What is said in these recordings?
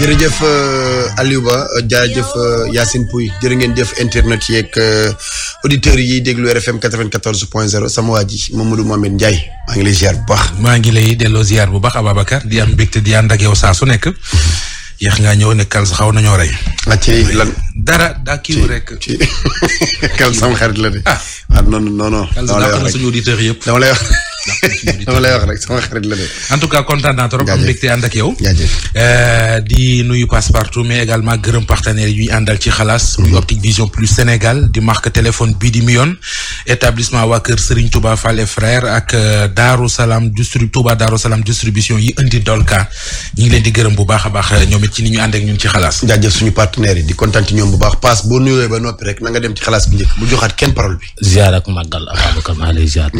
jërëjëf euh, Aliou Ba euh, jaajëf euh, Yacine Pouy jërë ngeen jëf internet yeeg auditeurs yi déglu RFM 94 point 0 sama waa ji Mamadou Mohamed Ndiaye maa ngi lay ziar bu baax. maa ngi lay delloo ziar bu a Ababacar di am mbégte di ànd ak yow saa su nekk. yéex ngaa ñëw ne Kals xaw nañoo rey. ah ci lan daa kiiw rek. ci Kals sama xarit la de. ah, ah non non non. dama lay wax rek Kals daa ko na suñu auditeurs yëpp. dama lay wax. dama lay wax rek sama xarit la de. en tout cas kontaan naa trop am mbégte ànd ak yow. Euh, di nuyu passe partout mais également gërëm partenaires yuy àndal ci xalaas. muy mm-hmm. optique vision plus Sénégal di marque téléphone bii di Mion. établissement waa kër Serigne Touba Fall et frère ak euh, Darou Salaam distrib Touba Darou Salaam distribution yi indi Dolka ñu ngi leen di gërëm bu baax baax euh, ñoom it ci ni ñu ànd ci xalaas. jaajëf suñu partenaires yi di kontaan ci ñoom bu baax passe boo nuyoo ba noppi rek na nga dem ci xalaas bi njëkk bu joxaat kenn parole bi. ziar ak màggal Ababacar lay ziar.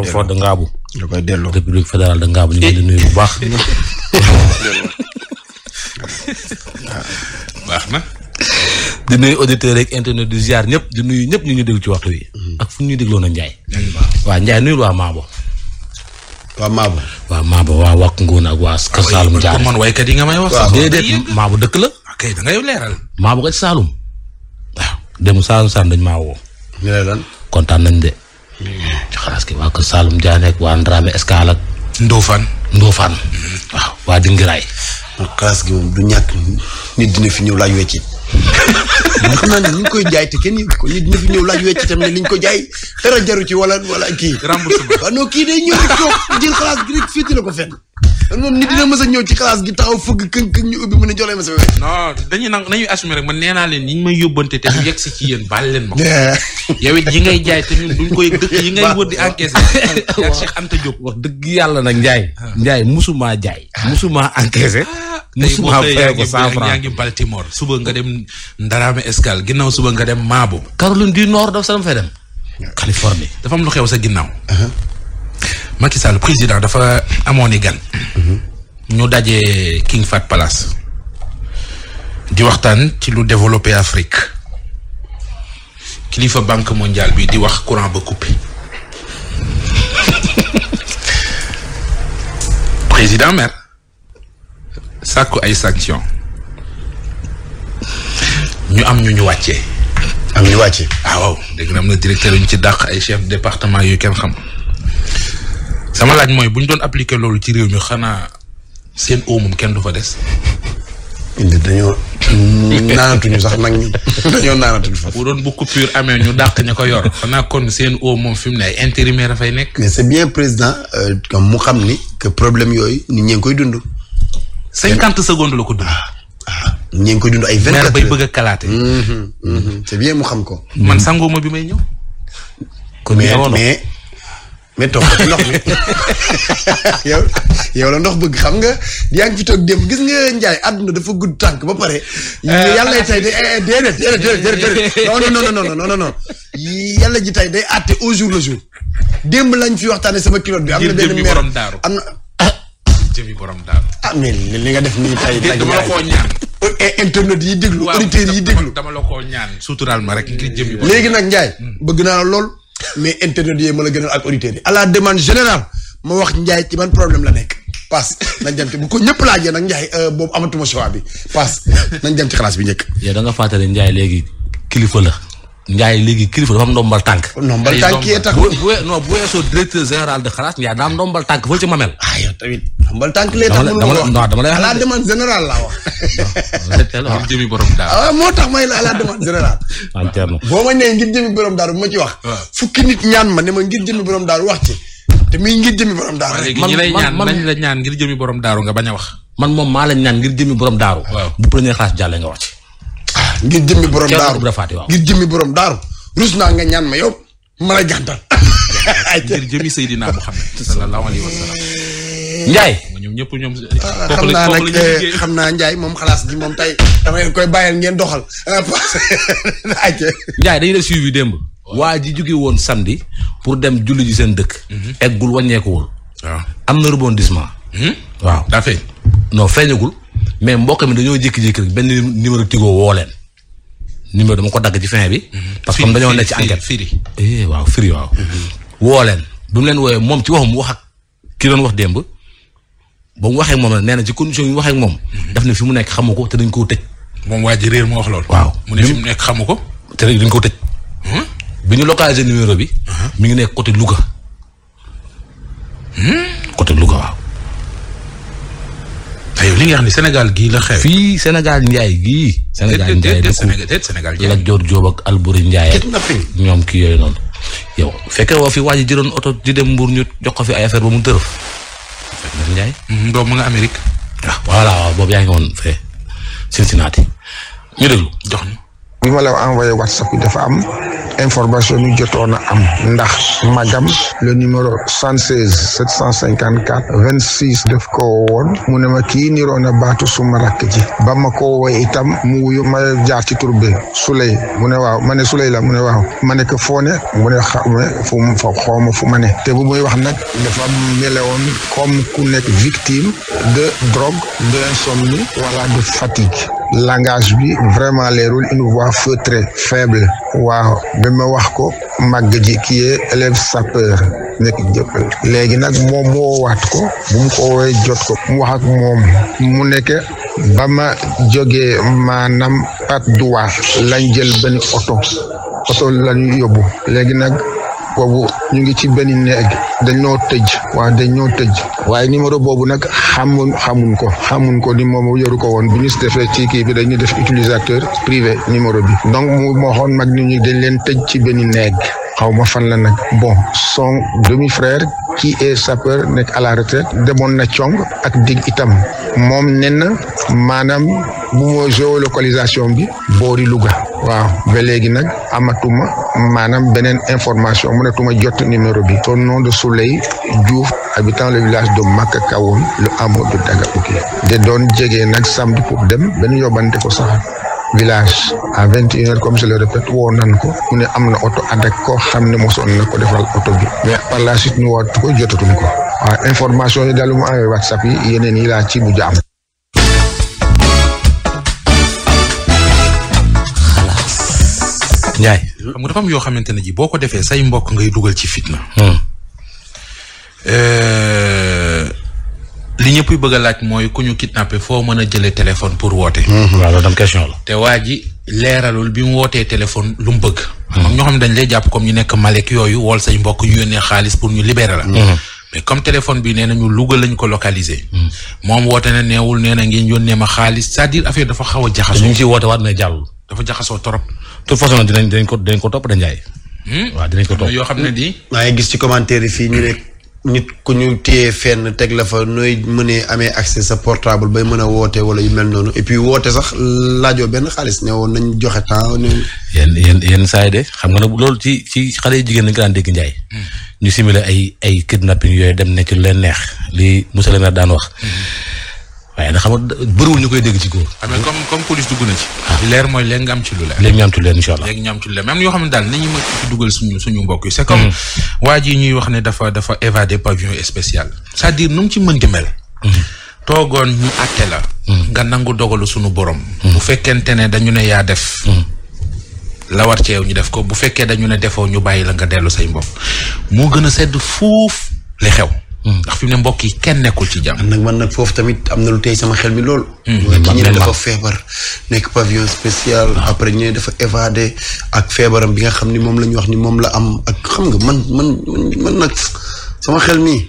koy fort de Ngaabu. da koy delloo république fédérale de Ngaabu ñu ngi bu baax. baax na. di nuyu auditeurs rek internet ñëpp di nuyu ñëpp ñu ñu déglu ci waxtu wi. Mm. ak fu ñu dégloon a Ndiaye. waa Ndiaye nuyu waa Maabo. waa Maabo. waa Maabo waa Wàkk Ngoon ak waa Kër Saalum Ndiaye waaw man yi nga may wax. dëkk la. ok ah, da ngay leeral. Maabo Saalum. dem Saalum Saalum dañ maa woo. ñu lay kontaan nañ de. xalaas ki waa kër Saalum Diané ak waa Ndrame Escale ak. Ndofane waa Dingiraay. man xalaas gi moom du ñàkk nit dina fi ñëw laaj weccit man xam naa ne ni koy jaay te kenn yëg dina fi ñëw laaj weccit tamit ne li ko jaay dara jaru ci wala wala kii. remboursement waaw non kii day ñëw rek toog jël xalaas gi rek féete la ko fenn. noonu nit dina mës a ñëw ci classe gi taxaw fëgg këng këng ñu ubbi mu ne jolee ma sa wér. non dañuy nee naa leen ñi ñu may yóbbante te du yegg si ci yéen yow it yi ngay jaay te ñun koy dëkk yi di encaissé. waaw ak Cheikh Anta Diop dëgg yàlla nag Ndiaye. Ah. Ndiaye musuma jaay. musuma encaissé. Ah, musuma fayee ko cent franc yaa ngi Baltimore suba nga dem Ndarame Escale ginnaaw suba nga dem Maabo. Caroline du Nord sa fay dem. Californie dafa am lu xew sa ginnaaw uh-huh. Macky Sall président dafa amoon i gan. Mhm. ñu dajee King fat Palace. di waxtaan ci lu développé Afrique. kilifa banque mondiale bi di wax courant ba coupé. président maire. sàkku ay sanctions. ñu am ñu ñu wàccee. am ñu wàccee. ah waaw dégg na am na directeur ñu ci dàq ay chef département yu kenn xam. sama laaj mooy bu ñu doon appliquer loolu ci réew ñu xanaa seen oo moom kenn du fa des. dañoo naanatuñu sax nag ñun dañoo naanatuñu fa. bu doon bu coupure amee ñu dàq ña ko yor xanaa kon seen oo moom fi mu ne ay intérimaire nekk. mais bien président comme euh, mu xam ni problème yooyu nit ñi ngi koy dund. cinquante secondes la ko dund. Ah, ah, ñi ngi koy dund ay vingt quatre bay bëgg a kalaate. Mm-hmm, mm-hmm. c'est bien mu xam ko. man sangooma bi may ñëw. mais mais. mais toog ko ci ndox mi yow yow la ndox bëgg xam nga yaa ngi fi toog démb gis nga Ndiaye àdduna def gudd tànk ba pare. Euh, yàlla tey day eh, eh, déedéet déedéet déedéet non non non non non non yàlla ji tey day àtte au jour le jour démb lañ fi waxtaanee sama kilote bi. am na benn meer am na jëmi borom daaru. ah mais li nga def nii tey. tey dama la koo ñaan. Eh, internet yi déglu auditeurs yi déglu. ñaan suturaal ma rek ngir jëmi borom. léegi nag Ndiaye hmm. bëgg naa lool. mais internet yee ma la gënal ak auditeurs yi à la demande général ma wax Ndiaye ci man problème la nekk paas nañ dem bu ko ñëpp laajee nag Ndiaye euh, boobu amatuma choix bi paas nañ dem ci xalaas bi njëkk. yow da nga fàttali Ndiaye léegi kilifa la. Ndiaye léegi kilifa dafa am ndombal tànk. ndombal tànk yee tax bu non bu weesoo directeur général de xalaas Ndiaye daa ndombal tànk fële ci Mamel. ah yow tamit ndombal tànk lee tax. dama la non dama la wax à la demande générale laa wax. ngir ah. jëmi ah, moo tax may la à la demande ah, boo ma nee ngir jëmi borom daaru ma ci wax. fukki nit ma ne ma ngir jëmi borom daaru wax ci. te muy ngir jëmi borom daaru man man la ñaan ngir jëmi borom daaru nga bañ a wax. man moom maa la ñaan ngir jëmi borom daaru. bu premier classe jàlle nga wax ci ngir jëmmi borom daaru ngir jëmmi borom daaru rus naa nga ñaan ma yow ma lay gàntal. ngir jëmmi Seydina Muhammad sallallahu alayhi wa sallam. Ndiaye. ñoom ñëpp ñoom. Ah, eh, xam naa nag xam naa moom xalaas bi moom tay dama koy bàyyil ngeen doxal. Ah, Ndiaye dañu def suivi démb. waa ji jóge woon samedi pour dem julli ji seen dëkk. Mhm. eggul wàññeekuwul. am na rebondissement. Hmm? waaw daa feeñ. non mais mbokk mi dañoo jékki-jékki rek benn numéro tigo woo numéro dama ko dagg ci fin bi. Mhm. parce que comme dañoo nekk ci enquête firi eh waaw firi waaw. Mhm. woo leen bi mu leen wooyee moom ci waxum wax ak ki doon wax démb ba mu waxee moom nee na ci condition yi mu waxee moom. Mhm. def ne fi mu nekk xamu ko te dañ koo tëj. moom waa ji réer moo wax loolu. waaw mu ne fi mu nekk xamu ko. te dañ koo tëj. bi ñu localisé numéro bi. Uh-huh. mi ngi nekk côté Louga. coté Louga waaw. aywa ah, li nga xam ne Sénégal gii la xew. fii Sénégal Ndiaye gii. Sénégal Ndiaye dëkku Sénégal Ndiaye Lat Joor Joob ak Alburi Ndiaye ñoom ki yooyu noonu. yow fekkee woo fi waa ji jëloon oto di dem Mbour ñu jox ko fi ay affaire ba mu tërëf. Alburi mm-hmm, boobu mu nga Amérique. ah voilà boobu yaa ngi woon fee Cincinnati ñu déglu jox bi ma la envoyé whatsapp bi dafa am information yu jotoon a am ndax magam le numéro 76 754 26 def ko woon mu ne ma kii niroon a baatu suma rakk ji ba ma ko woowee itam mu wuyu ma jaar ci tur bi Souley mu ne waaw ma ne Souley la mu ne waaw ma ne ko foo ne mu ne xawma fu mu fu ma ne te bu muy wax nag dafa melewoon comme ku nekk victime de drogue de insomnie wala de fatigue. langage bi vraiment leerul une voix feutrée faible waaw ba ma wax ko màgg ji ki yee sapeur nekk jëppal léegi nag moom moo waat ko bum mu ko woowee jot mu wax ak moom mu nekk ba ma jógee maanaam pat droit lañ jël benn oto oto lañu yóbbu léegi nag boobu ñu ngi ci benn néeg dañoo tëj waa ñëw tëj waaye numéro boobu nag xamun xamun ko xamun ko ni moom yoru ko woon bi ñu si defee ci kii bi dañuy def utilisateur privé numéro bi donc mu moo xoon mag nit ñi dañ leen tëj ci benn néeg xaw ma fan la nag bon son demi frère ci est sapeur nekk à la retraite demoon na cong ak dig itam moom nen na maanaam bu moo géolocalisation bi boori Louga waaw ba léegi nag amatuma maanaam beneen information mënatuma jot numéro bi son noon de Souley Diouf habitant le village de Maka Kawoon lu amoo du Dagaouki de doon jege nag samedi pour dem benn yóbbante ko sax village à vingt et une heures comme je le répète nan ko mu ne am na oto ànd ak koo xam ne mosoon na ko defal oto bi mais par la suite ñu waat ko jotatuñ ko information yi daal mu amee whatsapp yi yeneen yi laa ci bu jaam Ndiaye. xam nga dafa yoo xamante ne ji boo ko defee say mbokk ngay dugal ci fitna. Hmm. Euh, li ñëpp bëgg a laaj mooy ku ñu kidnappé foo mën a jëlee téléphone pour woote. Hmm, hmm. waaw loolu question la. te waa ji leeralul bi mu wootee téléphone lu mu bëgg. am ñoo xam dañ lay jàpp comme ñu nekk Malek yooyu wool say mbokk ñu yónnee xaalis pour ñu libérer la. mais comme téléphone bi nee nañu Louga lañ ko localisé. moom woote na neewul nee na ngeen yónnee ma xaalis c'est-à-dire dafa xaw a jaxasoo. ñu ngi ciy woote waat na jàll. toute façon dinañ dinañ ko dinañ ko topp da njaay. Hmm? waaw dinañ ko topp yoo xam ne di. maa ngi gis ci commentaire yi fii ñu ne nit ku ñu téye fenn teg la fa nooy mënee amee accès sa portable bay mën a woote wala yu mel noonu et puis woote sax laajoo benn xaalis ne woon nañ joxe temps. yenn yenn yenn saa yi de xam nga nag loolu ci ci xale yu jigéen dañ ko daan dégg njaay. Hmm. ñu simuler ay ay kidnapping yooyu dem ne ci lu leen neex li monsieur la daan wax. Hmm. waaye na xam nga bëriwul ñu koy dégg ci góor. xam ah, comme comme police dugg na ci. Ah. leer mooy léegi nga am ci lu leer. léegi ñu am ci lu leer incha allah léegi ñu am ci yoo xam ne daal nañu ma ci dugal suñu suñu mbokk yi. c'est comme mm. waa ji ñuy wax ne dafa dafa évadé pavillon spécial. cest diir dire nu mu ci mënti mel. Mm. toogoon ñu àtte la. Mm. nga nangu dogalu suñu borom. bu fekkente ne dañu ne yaa def. lawar war ñu def ko bu fekkee dañu ne defoo ñu bàyyi la nga dellu say mbokk moo gën a sedd fuuf li xew. ndax fi mu ne mbokk yi kenn nekkul ci jàmm. nag man nag foofu tamit am na lu tey sama xel mi lool. Hmm. ñu ne dafa feebar nekk pavillon spécial. Ah. après ñu dafa évadé ak feebaram bi nga xam ni moom la ñu wax ni moom la am ak xam nga man man man nag sama xel mi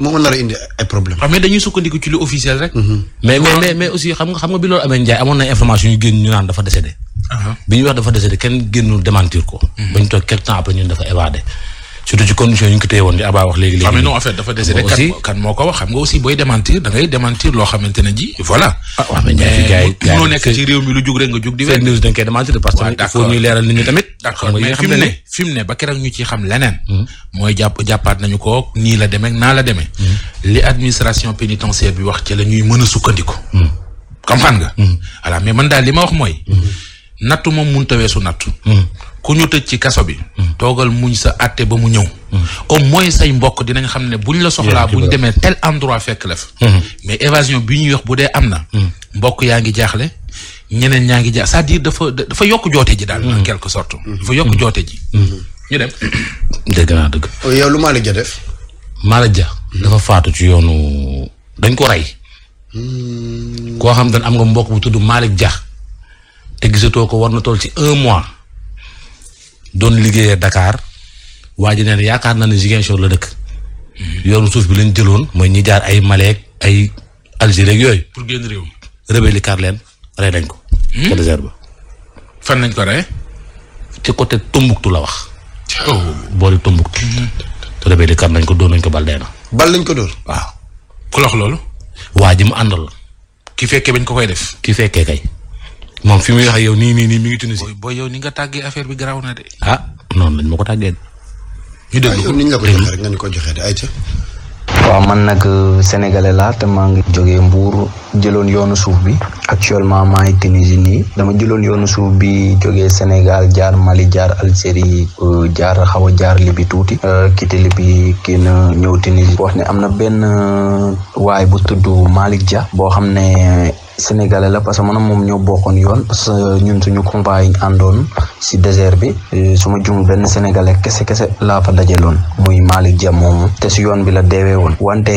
moo mën nar a indi ay problème xam ah, mais dañuy sukkandiku ci lu officiel rek. Mm-hmm. mais ah. mais mais aussi xam nga xam nga bi loolu amee Ndiaye amoon na information yu génn ñu naan dafa décédé. bi ñu wax dafa décédé kenn génnul demantir ko. Mm-hmm. ba ñu toog quelque temps après ñun dafa évadé. surtout ci condition yi ñu ko téye woon li Abba wax léegi léegi. xam nga non en fait dafa dese rek kan kan moo ko wax xam nga aussi booy démentir da ngay loo xamante ne ji voilà. Ah, ne ba keroog ñu ci xam leneen. Hmm. mooy jàpp jàppaat nañu ko nii la demee naa la demee. Hmm. li administration pénitentiaire bi wax ci la mën a sukkandiku. Hmm. comprendre nga. voilà mais man daal li ma wax mooy. nattu moom mënut a weesu ku ñu tëj ci kaso bi. toogal muñ sa àtte ba mu ñëw. comme moins say mbokk dinañ xam ne buñ la soxlaa ñu demee tel endroit fekk la fa. Hmm. mais évasion bi ñu wax bu dee am na. Hmm. mbokk yaa ngi jaaxle ñeneen ñaa ngi jaax c'est-à-dire dafa dafa yokk joote ji daal. en hmm. quelque sorte. dafa yokk joote ji. ñu dem. dëgg naa dëgg. Oh, yow lu Malick Dia def. Malick Dia dafa faatu ci yoonu dañ ko rey. koo xam dañ am nga mbokk bu tudd Malick Dia te gisatoo ko war na tool ci un mois. doon liggéeyee Dakar waa ji neen yaakaar naa ne Ziguinchor la dëkk. yoonu suuf bi lañ jëloon mooy ñi jaar ay Maleek ay Algérie ak yooyu. pour génn réew mi. rebelle kar leen rey nañ ko. Hmm? ca fan nañ ko rey. ci côté Tombouctou la wax. Oh. boori Tombouctou. te hmm. rebelle kar nañ ko doon nañ ko bal na. bal lañ ko doon waaw. ku lox loolu. waa ji mu ànd àndal. ki fekkee bañ ko koy def. ki fekkee kay. moom fi muy wax yow nii nii nii mi ngi Tunisie. booy booy yow ni nga tàggee affaire bi garaaw na de. ah noonu lañ ma ko tàggee. Ah, niñ la rek nga ñu ko joxee de ayca. waaw man nag euh, sénégalais laa te maa ngi jógee Mbour jëloon yoonu suuf bi actuellement maa ngi Tunisie nii dama jëloon yoonu suuf bi joge Sénégal jaar Mali jaar Algérie euh, jaar xaw a jaar Libye tuuti euh, quitté Libye kii na ñëw Tunisie wax ne am na benn waay bu tudd Malick Dia boo xam ne sénégalais la parce que man moom ñoo bokkoon yoon parce que ñun suñu combat yi ñu àndoon si désert bi euh, su ma jum benn sénégalais kese kese laa fa loon muy Malick Dia moomu te si yoon bi la deewee woon wante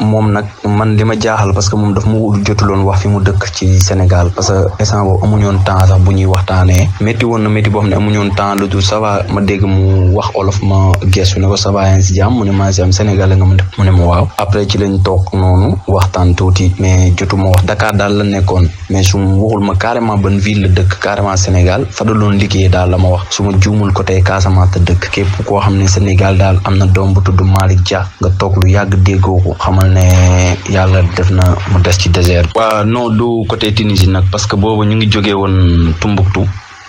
moom nag man li ma jaaxal parce que moom dafa ma jotuloon wax fi mu dëkk ci Sénégal parce que instant amuñoon temps sax bu ñuy waxtaanee métti woon na métti boo ne amuñoon temps lu dul ça ma dégg mu wax olof ma gestu ne ko ça va si jàmm mu ne maa si am sénégalais nga mu ne ma waaw après ci lañ toog noonu waxtaan tuuti mais jotuma la nekkoon mais su ma ma carrément ban ville la dëkk carrément Sénégal fa da doon daal la ma wax su ma juumul ko tey Casamance la dëkk képp koo xam ne Sénégal daal am na doom bu tudd ca nga toog lu yàgg déggoo ko xamal ne yàlla def na mu des ci désert. waaw non du côté Tunisie nag parce que boobu ñu ngi joge woon Tombouctou.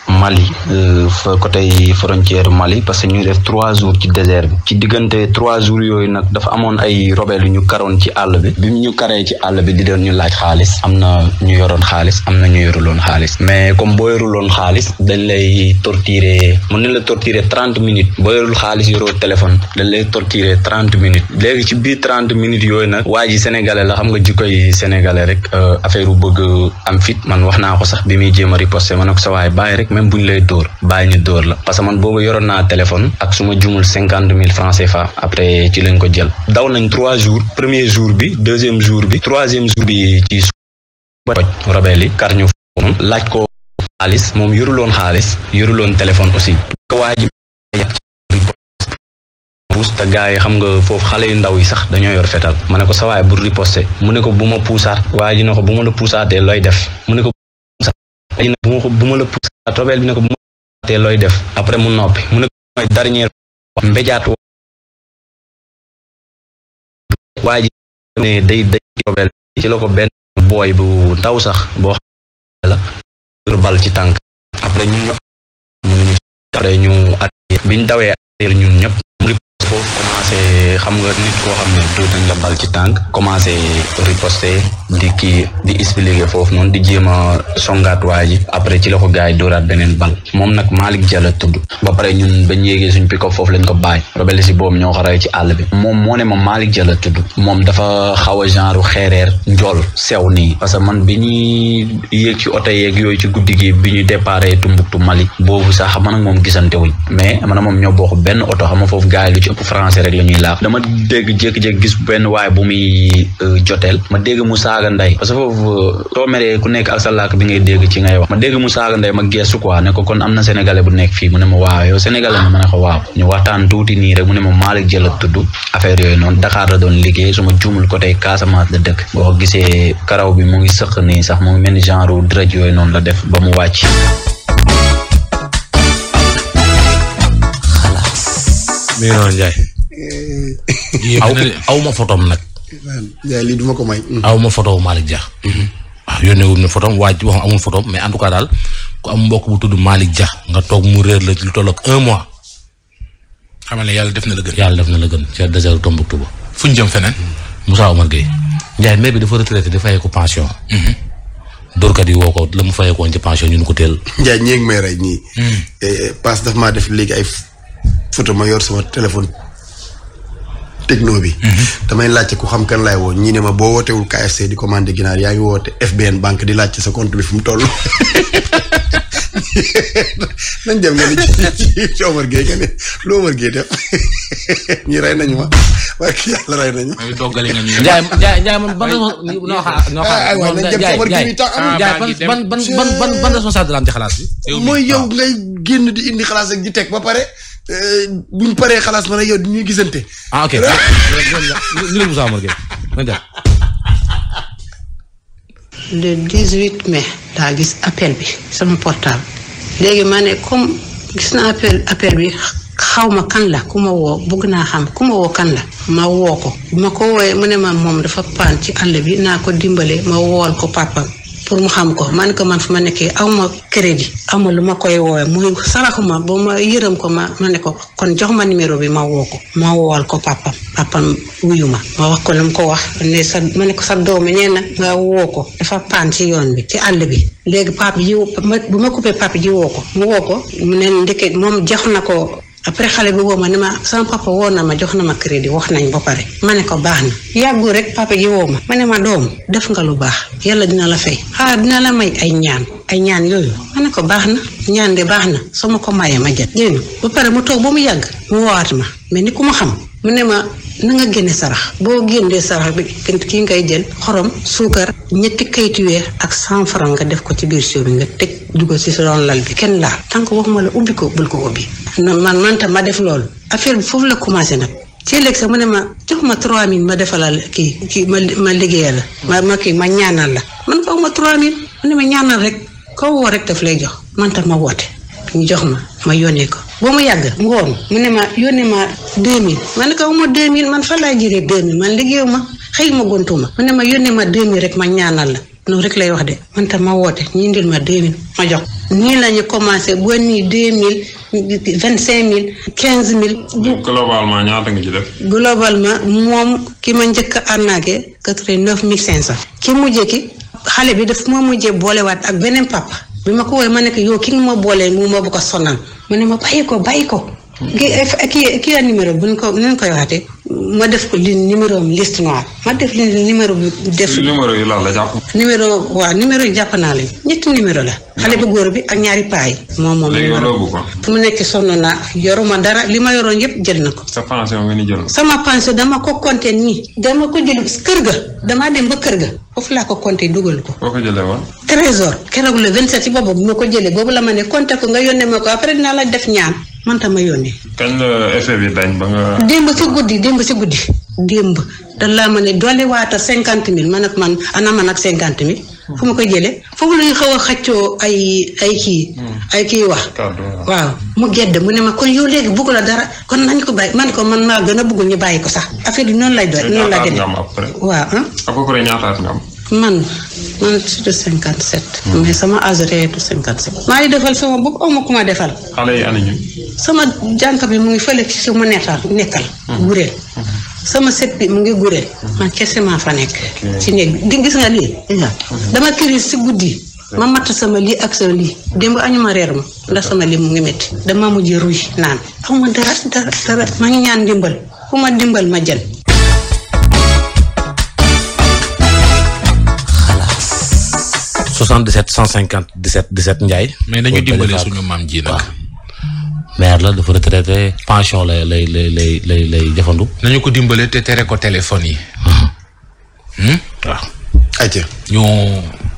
Mali euh, fa côté frontière Mali parce que ñu def trois jours ci désert bi ci diggante trois jours yooyu nag dafa amoon ay robel yu ñu karoon ci àll bi bi ñu karee ci àll bi di doon ñu laaj xaalis am na ñu yoroon xaalis am na ñu yoru loon xaalis mais comme boo loon xaalis dañ lay torturer mën na la torturer trente minutes boo yorul xaalis yoroo téléphone dañ lay torturer trente minutes léegi ci biir trente minutes yooyu nag waa ji sénégalais la xam nga jikkoy sénégalais rek euh, affaire bu bëgg am fit man wax naa ko sax bi muy jéem a riposter ma ne ko bàyyi rek même bu ñu lay dóor bàyyi ñu dóor la parce que man boobu yoroon naa téléphone ak suma ma jumul cinquante mille franc CFA après ci lañ ko jël daw nañ trois jours premier jour bi deuxième jour bi troisième jour bi ci suba toj kar ñu moom laaj ko xaalis moom yoru loon xaalis yoruloon téléphone aussi puus te gars yi xam nga foofu xale yu ndaw yi sax dañoo yor fetal ma ne ko sawaay bu riposte mu ne ko bu ma puusaat waa ji ne ko looy def mu ne ko léegi nag bu ma ko bu ma la poussé tobeel bi ne ko bu ma looy def après mu noppi mu ne ko mooy dernier mbéjaat waa ji ci la ko benn booy bu ndaw sax boo xam la bal ci tànk après ñun ñëpp après ñu biñ dawee at ñun ñëpp mu li foofu commencé xam nga nit koo xam ne doo dañ la bal ci tànk commencé riposter di kii di foofu noonu di jéem a songaat waa ji après ci la ko gars yi dóoraat beneen bal moom nag Malick Diallo tudd ba pare ñun bañ yéegee suñ pick-up foofu lañ ko bàyyi rebelle si boobu ñoo ko rey ci àll moom moo ne ma Malick Diallo tudd moom dafa xaw a genre xeereer njool sew nii parce que man bi ñuy yéeg ci oto yeeg yooyu ci guddi gi bi ñu déparé Tumbuktu Mali boobu sax man ak moom gisante wuñ mais man moom ñoo bokk benn oto xam nga rek la ñuy dama dégg jékki jékk gis benn waay bu muy euh, joteel ma dégg mu saaga ndey parce que foofu euh, soo meree ku nekk ak sa làkk bi ngay dégg ci ngay wax ma dégg mu saaga ndey ma geesu quoi ne ko kon am na sénégalais bu nekk fii mu ne ma waaw yow sénégalais ma ma ne ko waaw ñu waxtaan tuuti nii rek mu ne ma Malick Diallo tudd affaire yooyu noonu Dakar la doon liggéey su ma ko tey Casamance la dëkk boo ko gisee karaw bi mu ngi sëq nii sax mu ngi mel ni genre dërëj yooyu noonu la def ba mu wàcc Eh, aw ma fotoom nag. jaay lii du ma ko may. Mm. aw ma foto Malick Dia. Mm-hmm. waaw yónnee wu ñu fotoom waa ji wax amul fotoom mais en tout cas daal ku am mbokk bu tudd Malick Dia nga toog mu réer la lu toll un mois. xamal ne yàlla def na la gën. yàlla def na la gën ca désert Tombouctou ba. fu ñu jëm feneen. Moussa Omar Gueye. Ndiaye maire bi dafa retraité di fayee ko pension. Mm-hmm. dóorkat yi woo ko la mu fayee ko woon ci pension ko teel. Ndiaye ñeeg may rey nii. Mm. Eh, eh, passe daf maa def léegi ay ma yor sama téléphone. techno bi. Mhm. damay laajte ku xam kan laay woo ñii ne ma boo wootewul KFC di commandé ginaar yaa ngi woote FBN banque di laajte sa compte bi fu mu toll. nañ dem nga ni ci ci Omar Gueye nga ne lu Omar Gueye def ñi rey nañu ma waaye ki yàlla rey nañu ma. doggale nga ñu. Ndiaye Ndiaye Ndiaye man ban. noo xaar noo xaar waaw nañ dem Omar Gueye tax ban ban ban ban responsable la am xalaas bi. mooy yow ngay génn di indi xalaas ak di ba pare. buñ paree xalaas man ak yow dañuy gisante. ah ok ñu ne Moussa daa gis appel bi sama portable léegi ma ne comme gis naa appel appel bi xaw ma kan la ku ma woo bëgg naa xam ku ma woo kan la ma woo ko ma ko wooyee mu ne ma moom dafa paan ci àll bi naa ko dimbale ma wool ko pàppam pour mu xam ko man ko man fu ma nekkee aw ma crédit aw ma lu ma koy woowee muy saraxu ma ba ma yërëm ko ma ma ne ko kon jox ma numéro bi ma woo ko ma woowal ko papam papam wuyu ma ma wax ko lu ko wax ne sa ma ne ko sa doomi nee na nga woo ko dafa paan ci yoon bi ci àll bi léegi pap ji bu ma coupé pap ji woo ko mu woo ko mu ne ndeke moom jox na ko après xale bi woo ma ne ma sama papa woo na ma jox na ma crédit wax nañ ba pare ma ne ko baax na yàggu rek papa ji woo ma ma ne ma doom def nga lu baax yàlla dina la fay ah dina la may ay ñaan ay ñaan yooyu ma ne ko baax na ñaan de baax na su ma ko mayee ma jël dégg ba pare mu toog ba mu yàgg mu woowaat ma mais ni ku ma xam mu ne ma na nga génne sarax boo génnee sarax bi kii ngay jël xorom suukar ñetti kayitu weer ak cent franc nga def ko ci biir siwo bi nga teg dugal ci sa doon lal bi kenn laa tànk waxuma la ubbi ko bul ko ubbi. na man man tam ma def loolu affaire bi foofu la commencé nag. ci léegi sax mu ne ma jox ma 3000 ma defalal kii kii ma ma liggéeyal la. ma ma kii ma ñaanal la. man kaw ma 3000 mu ne ma ñaanal rek kaw woo rek daf lay jox man ma woote ñu jox ma ma yónnee ko. boo mu yàgg ngoon mu ne ma yónnee ma 2000 ma ne ko ma 2000 man fan laa jëlee 2000 man liggéeyu ma xëy ma gontu ma mu ne ma yónnee ma 2000 rek ma ñaanal la noonu rek lay wax de man ma woote ñii indil ma 2000 ma jox nii la ñu commencé ba nii 2000 25000 15000. donc globalement ñaata nga ci def. ma moom ki ma njëkk a arnaqué 89500. ki mu ki xale bi daf ma mujjee boolewaat ak beneen papa. bi ma ko woowee ma ne ko yow ki nga ma boolee mu ma bu ko sonal mu ne ma bàyyi ko bàyyi ko. Hmm. kii eh, kii numéro bu ñu ko nu ñu koy waxatee. ma def ko li numéro am liste noire ma def li bi def. numéro yi lan la jàpp. numéro waaw numéro jàpp naa leen ñetti numéro la. xale bu góor bi ak ñaari paa yi. moom moom numéro fu mu nekk sonn naa yoruma dara li ma yoroon yëpp jël na ko. sa pension nga ni jël sama dama ko compter nii. dama ko jël kër ga. damaa dem ba kër ga. foofu laa ko compter ko. foo ko jëlee woon. trésor keroog le 27 ci boobu ma ko la ma ne compter ko nga yónnee ma ko après dinaa la def ñaan man ma yónnee. kañ la effet bi dañ ba nga. démb ci guddi démb démb ci guddi démb da laa ma ne doole waata cinquante mille man ak man ana man ak cinquante mille fu ma ko jëlee foofu lañu xaw a xaccoo ay ay kii hmm. ay kii wax waaw mu gedd mu ne ma kon yow léegi bugg la dara kon nañ ko bàyyi man ko man maa gën a buggul ñu bàyyi ko sax affaire yi noonu lay doon noonu la demee waaw ah. à peu près ñaata at nga am man man surtout cinquante sept. mais sama âge réetu cinquante sept. maa ngi defal sama bopp aw ma ku ma defal. sama jànk bi mu ngi fële ci ma nekkal nekkal. Mhm. gureel. sama set bi mu ngi gureel. Mhm. man kese maa fa nekk. si néeg di gis nga lii. Mhm. dama crise si guddi. ma matt sama lii ak sama lii démb añu ma reer ma ndax sama lii mu ngi métti dama mujj ruy naan aw ma dara dara dara ma ngi ñaan dimbal ku ma dimbal ma jël. 77 150 17 17 Ndiaye. mais nañu dimbale suñu maam ji nag. maire la dafa retraité pension lay lay lay lay lay lay jafandu. nañu ko dimbale te tere ko téléphone yi. waaw. ayca ñu.